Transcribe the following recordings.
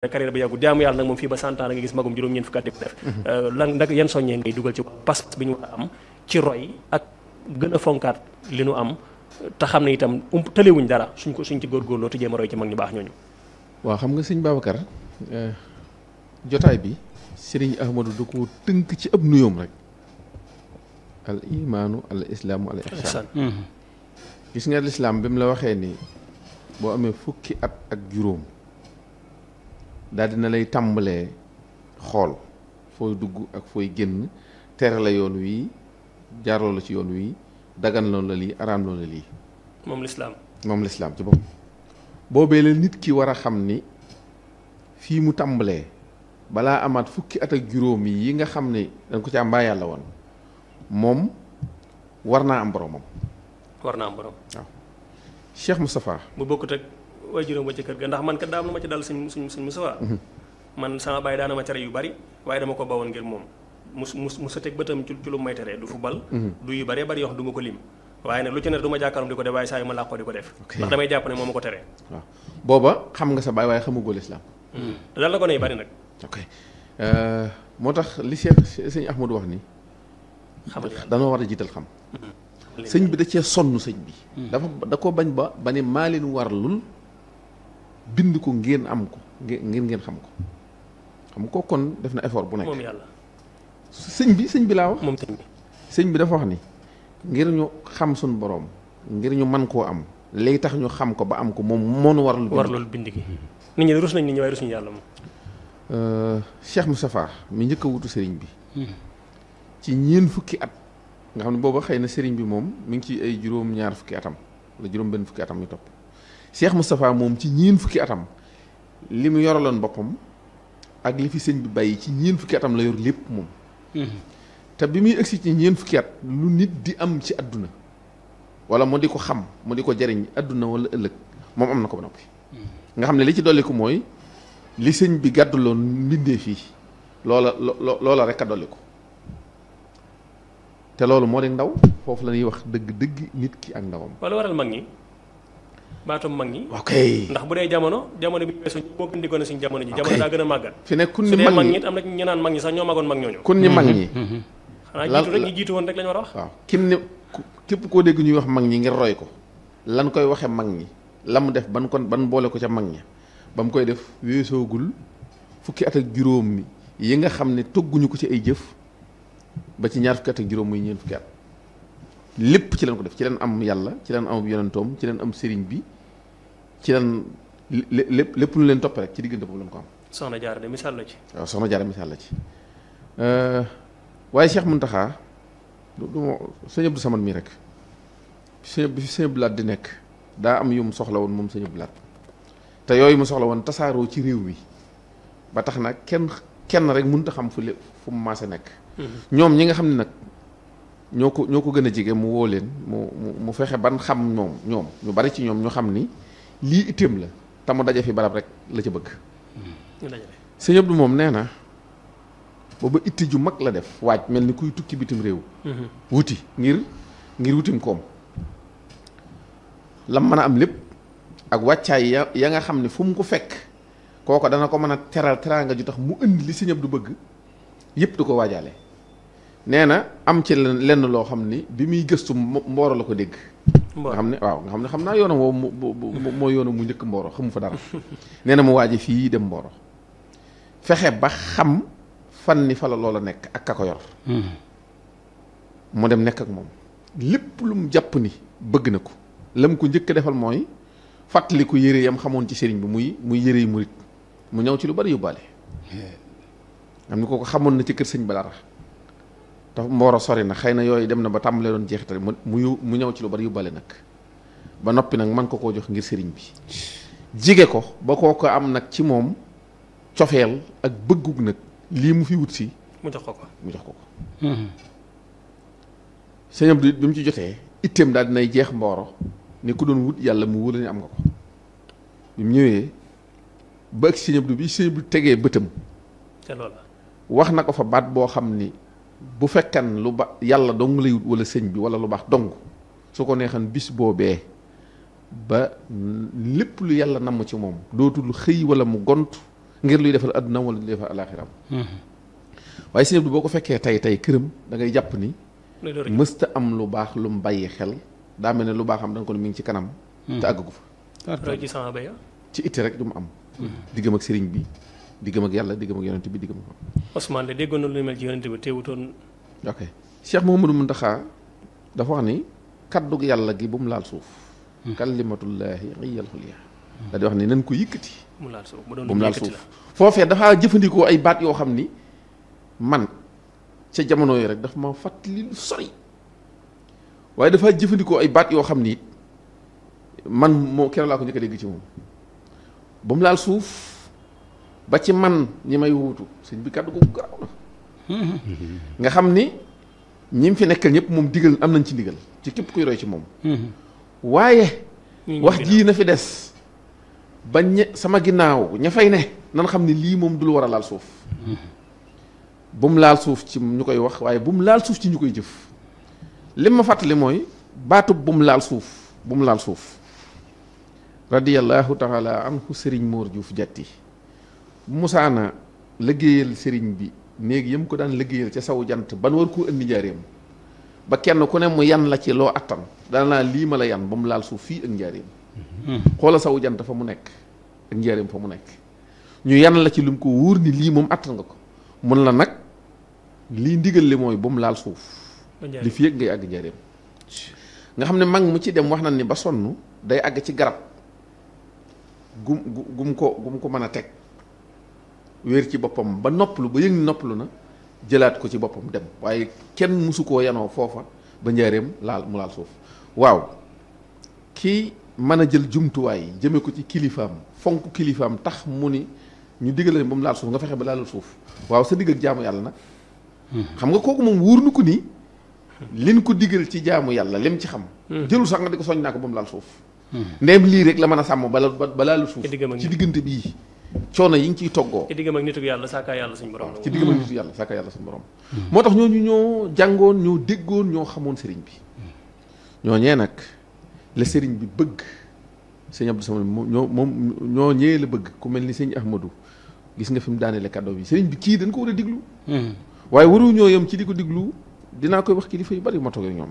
da carrière yàggu jaamu yàlla nag moom fii ba cent ans da nga gis magum juróom-ñeent fukki def mhm. euh, lan nag yan soññee ngay dugal ci pas bi ñu war am ci roy ak gën a fonkaat li nu am te xam ne itam um tëlewuñ dara suñ ko suñ ci góorgóorloo te jéem a roy ci mag ñu baax ñooñu waaw xam nga sëñ Babacar euh, jotaay bi sëriñ Ahmadou da ko tënk ci ab nuyoom rek al imaanu al islaamu al ihsaan mhm. gis nga lislaam bi mu la waxee ni boo amee fukki at ak juróom daal na lay tàmbalee xool fooy dugg ak fooy génn tere la yoon wi jaarloo la ci yoon wi dagan la lii araam loon la lii. moom lislaam moom lislaam ci boppam. boobee la nit ki war a xam ni fii mu tàmbalee balaa amaat fukki at ak juróom yi nga xam ni dañ ko ci am mbaa yàlla woon moom war naa am boroomam war naa am waaw. Cheikh Moustapha. waaye juróom ba ca kër ga ndax man kat daa am lu ma ci dal suñ suñ suñ Moustapha man sama bàyyi daana ma tere yu bari waaye dama ko bawoon ngir moom mus mus mu sa teg bëtam ci lu may tere du football du yu bari bari yoo xam du ma ko lim waaye nag lu ci ne du ma jàkkaaram di ko def waaye saa yu ma làqoo di ko def ndax damay jàpp ne moo ma ko sa bàyyi waaye xamugoo lislaam hmm. dal euh, a hmm. Hmm. bi dafa da ko bañ ba ba ne maa leen warlul bind ko ngeen am ko ngeen ngeen xam ko xam ko kon def na effort bu nekk. moom yàlla sëñ bi sëñ bi laa wax. moom sëñ bi sëñ bi dafa wax ni. ngir ñu xam suñu boroom ngir ñu man koo am léegi tax ñu xam ko ba am ko moom moo moonu war warul bind ki nit ñi rus nañ nit ñi waaye rusuñu yàlla moom. Mmh. Euh, Cheikh Moustapha mi njëkk a wutu sëriñ bi. Mmh. ci ñeen fukki at. nga xam ne booba xëy na sëriñ bi moom mi ngi ci ay juróom ñaar fukki atam wala juróom benn fukki atam ñu topp. Cheikh Moustapha moom ci ñiin fukki atam li mu yoraloon boppam ak li fi sëñ bi bàyyi ci ñiin fukki atam la yor lépp moom. Mm-hmm. te bi muy egsi ci ñeen fukki at lu nit di am ci àdduna wala mu di ko xam mu di ko jariñ àdduna wala ëllëg moom am na ko ba noppi. Mm-hmm. nga xam ne li ci dolli ko mooy li sëñ bi loon mbindee fii loola loo loola rek a dolli ko te loolu moo di ndaw foofu la ñuy wax dëgg-dëgg nit ki ak ndawam. wala waral mag ñi. baatam mag ñi ok ndax bu dee jamono jamono bi weesu moo gën di gone suñu jamono ñi mag ñi am na ñu naan sax ñoo magoon mag ñooñu kun ñi mag ñi mm-hmm. a wax waaw kim koo dégg ñuy wax mag ñi ngir roy ko lan koy waxe mag ñi la mu def ban kon ban boole ko ca mag ña ba mu koy def weesoogul fukki at ak juróom mi yi nga xam ne togguñu ko ci ay jëf ba ci ñaar fukki at ak juróom muy ñeent fukki at lépp ci leen ko def ci leen am yàlla ci leen am yonentoom ci leen am sëriñ bi ci lan lépp lépp lu leen topp rek ci diggante boobu lañ ko am. soxna Diarra de misaal la ci. waaw soxna Diarra misaal la ci euh, waaye Cheikh Mountakha du du ma mii rek sëñ bi sëñ Abdou di nekk daa am yu mu soxla woon moom sëñ Abdou te yooyu mu soxla woon tasaaroo ci réew bi ba tax na kenn kenn rek mënut a xam fu fu mu maase nekk. Mm-hmm. ñoom ñi nga xam ne nag ñoo ko ñoo ko gën a jege mu woo leen mu mu fexe ban xam ñoom ñoom ñu bari ci ñoom ñu xam ni. lii itam la te mu daje fi barab rek la ca bëgg. sëñ Abdou moom nee na booba itti ju mag la def waaj mel ni kuy tukki bitim réew. Mhm. wuti ngir ngir wutim koom. la mën a am lépp ak wàccaay ya ya nga xam ne fu mu ko fekk kooko dana ko mën a teral teraanga ju tax mu indi li sëñ Abdou bëgg yépp du ko waajaale. nee na am ci lenn loo xam ni bi muy gëstu mbooro la ko dégg. nga xam ne waaw nga xam ne xam naa yoonam woowu mu moo yoonam mu njëkk Mboro xamu fa dara nee na mu waaji fii dem Mboro fexe ba xam fan ni fa la a nekk ak ka ko hmm. dem nekk ak moom lépp lu mu jàpp ni bëgg na ko lam ko njëkk a defal mooy fàttaliku yére yam xamoon ci sëriñ bi muy muy yére yi murit mu ñëw ci lu bari yóbbaale am ni ko ko xamoon na ci kër sëñ ba dara dafa mbooro sori na xëy na yooyu dem na ba tàmbalee doon jeexital mu mu mu ñëw ci lu bari yóbbale nag ba noppi nag man ko koo jox ngir sëriñ bi jige ko ba koo ko am nag ci moom cofeel ak bëggug nag lii mu fi wut si mu jox ko ko mu jox ko ko mm-hmm. sëñ Abdou bi mu ci jotee itteem daal dinay jeex mbooro ni ku doon wut yàlla mu wóor am nga ko bi mu ñëwee ba ak sëñ Abdou bi sëñ Abdou tegee bëtam te wax na ko fa baat boo xam ni bu fekkan lu ba yàlla dong lay wut wala sëñ bi wala lu baax dong su ko neexan bis boobee ba lépp lu yàlla namm ci moom dootul xëy wala mu gont ngir luy defal àdduna wala luy defal alaaxiram mm-hmm. waaye sëñ bi boo ko fekkee tey tey këram da ngay jàpp ni mësta am lu baax lu mu bàyyi xel daa mel ne lu baax am da kon ko ne ci kanam te mm-hmm. àggagu fa ci itti rek du mu am mm-hmm. diggam ak sëriñ bi diggam ak yàlla diggam ak yonent bi diggam ak. Ousmane de déggoon na lu mel mu yonent bi teewutoon. ok Cheikh Mouhamadou dafa wax ni kaddug yàlla gi bu mu laal suuf. Hmm. kalimatullahi iyal xuliya. da di wax ni nañ ko yëkkati. bu mu laal suuf bu mu laal suuf foofee dafa jëfandikoo ay baat yoo xam ni man ca jamono yi rek daf ma fàttali lu dafa jëfandikoo ay baat yoo xam ni man moo keroog laa ko njëkk a ci moom bu mu laal suuf. ba ci man ñi may wuutu sëñ bi kàddu googu garaaw la mm-hmm. nga xam ni ñi fi nekkal ñëpp moom digal am nañ ci ndigal ci képp kuy roy ci moom mm-hmm. waaye wax jii na fi des ba ña sama ginnaaw ña fay ne nan xam ni lii moom dul war a laal suuf mm-hmm. bu laal suuf ci ñu koy wax waaye bu laal suuf ci ñu koy jëf lim ma fàttali mooy baatub bu laal suuf bu mu laal suuf radiyallahu taala anhu sëriñ Mor Diouf Diatty musaana liggéeyal sëriñ bi néeg yëm ko daan liggéeyal ca saw jant ban war koo indi njaareem ba kenn ku ne mu yan la ci loo attan daan lii ma la yan ba mu laal suuf fii ak njaareem mm-hmm. xoola saw jant fa mu nekk ak njaareem fa mu nekk ñu yan la ci lu mu ko wóor ni lii moom attan nga ko mun la nag lii ndigal li mooy ba mu laal suuf li fii ak ngay àgg njaareem nga xam ne mag mu ci dem wax na ni ba sonn day àgg ci garab gum gum ko gum ko mën a teg wéer ci boppam ba noppalu ba yëg ni noppalu na jëlaat ko ci boppam dem waaye kenn mësu koo yanoo foofa ba njaareem laal mu laal suuf waaw kii mën a jël jumtuwaay yi jëme ko ci kilifaam fonk kilifaam tax mu ni ñu diggal leen laal suuf nga fexe ba laalul suuf waaw sa digg ak jaamu yàlla nag mm-hmm. xam nga kooku moom wuur na ko nii liñ ko diggal ci jaamu yàlla lim ci xam mm-hmm. jëlul sax nga di ko soñ naa ko ba mu laal suuf mm-hmm. ndeem lii rek la mën a sàmm ba ba laalul suuf ci diggante bii coono yi nga ciy toggoo. ci diggam ak nitu yàlla saaka yàlla suñu borom ci diggam ak nitu yàlla saaka yàlla moo tax ñooñu ñoo jàngoon ñoo déggoon ñoo xamoon sëriñ bi. ñoo ñooñee nag la sëriñ bi bëgg sëñ Abdou Samad ñoo moom ñoo ñee la bëgg ku mel ni sëñ Ahmadou gis nga fi mu daaneele kàddoo bi sëriñ bi kii dañ ko war a diglu. Hmm. waaye waru ñoo yem ci di ko diglu dinaa koy wax kilifa yu bari ma toog ñoom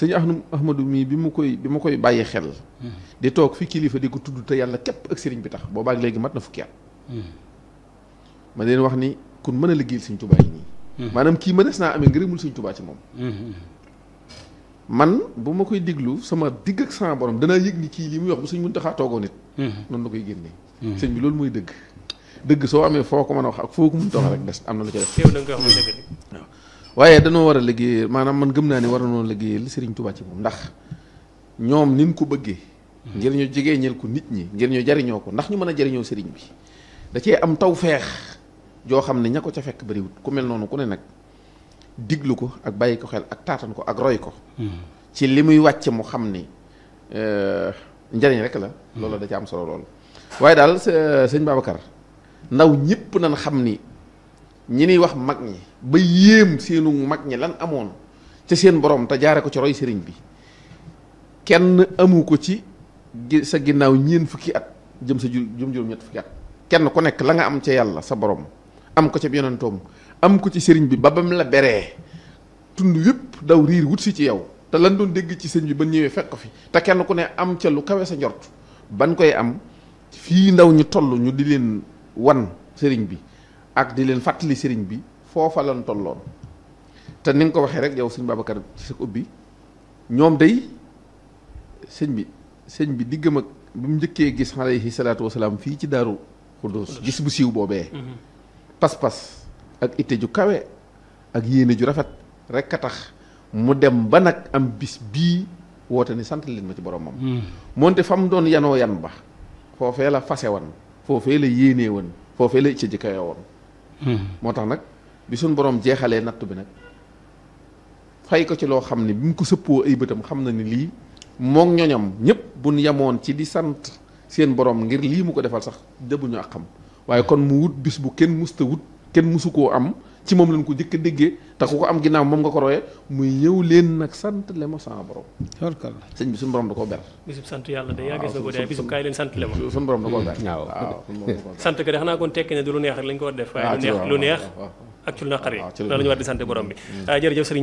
sëñ Ahmadou mii bi mu koy bi ma koy bàyyi xel. Hmm. di toog fi kilifa di ko tudd te yàlla képp ak sëriñ bi tax boobaag léegi mat na fukki at. Hmm. ma leen wax ni kun mën a liggéey sëñ Tuubaa yi nii. Hmm. maanaam kii ma des naa amee ngërëmul sëñ Tuubaa ci moom. man bu ma koy diglu sama digg ak sama borom danaa yëg ni kii li muy wax bu mun taxaa toogoo nit. noonu la koy génnee. sëñ bi loolu mooy dëgg. dëgg soo amee foo ko mën a wax ak foo ko mën a rek des am na lu ca def. teew na waaye danoo war a liggéey maanaam man gëm naa ne war nañoo liggéeyal Serigne Touba ci moom ndax ñoom nin ko bëggee. Hmm. ngir ñu jegeñal ko nit ñi ngir ñu jariñoo ko ndax ñu mën a jariñoo Serigne bi da cee am taw feex joo xam ne ña ko ca fekk bariwut ku mel noonu ku ne nag diglu ko ak bàyyi ko xel ak taatan ko ak roy ko. Hmm. ci li muy wàcc mu xam ni euh, njariñ rek la. Hmm. loolu da ca am solo lool waaye daal euh, sëñ Babacar ndaw ñëpp nañ xam ni. ñi ni wax mag ñi ba yéem seenu mag ñi lan amoon ca seen borom te jaare ko ci roy sëriñ bi kenn amu ko ci sa ginnaaw ñeen fukki at jëm sa jur jëm juróom-ñett fukki at kenn ku nekk la nga am ca yàlla sa borom am ko ca yonentoom am ko ci sëriñ bi ba bam la beree tund yëpp daw riir wut si ci yow te lan doon dégg ci sëriñ bi ba ñëwee fekk ko te kenn ku ne am ca lu kawe sa njort ban koy am fii ndaw ñi toll ñu di leen wan sëriñ bi ak di leen fàttali sëriñ bi foofa lan tolloon te ni nga ko waxee rek yow sëñ Babacar ci sa ubbi ñoom day sëñ bi sëñ bi diggam ak bi mu njëkkee gis alayhi salaatu wasalaam fii ci daaru xuddoos gis bu siiw boobee pas-pas ak itte ju kawe ak yéene ju rafet rek a tax mu dem ba nag am bis bii woote ni sant leen ma ci boromam moonte fa mu doon yanoo yan ba foofee la fase foofee la yéenee woon foofee la itte ji kawe woon Mm-hmm. moo tax nag bi suñ borom jeexalee natt bi nag fay ko ci loo xam ne bi mu ko sëppoo ay bëtam xam na ni lii moom ñoñam ñëpp bu ñu yemoon ci di sant seen borom ngir lii mu ko defal sax dëbbuñu ak xam waaye kon mu wut bis bu kenn musta wut kenn musu koo am ci moom lañ ko njëkk a déggee te ku ko am ginnaaw moom nga ko royee muy ñëw leen nag sant le sama borom. da koo ber. bisub sant yàlla de yaa de bisub kaay mm. xanaa kon tekki ne du lu neex lañ ko war def. waaye ah, lu neex ak ci lu naqari. waaw ah, ci lu war di sant borom bi. Mm. Ah, jërëjëf sëriñ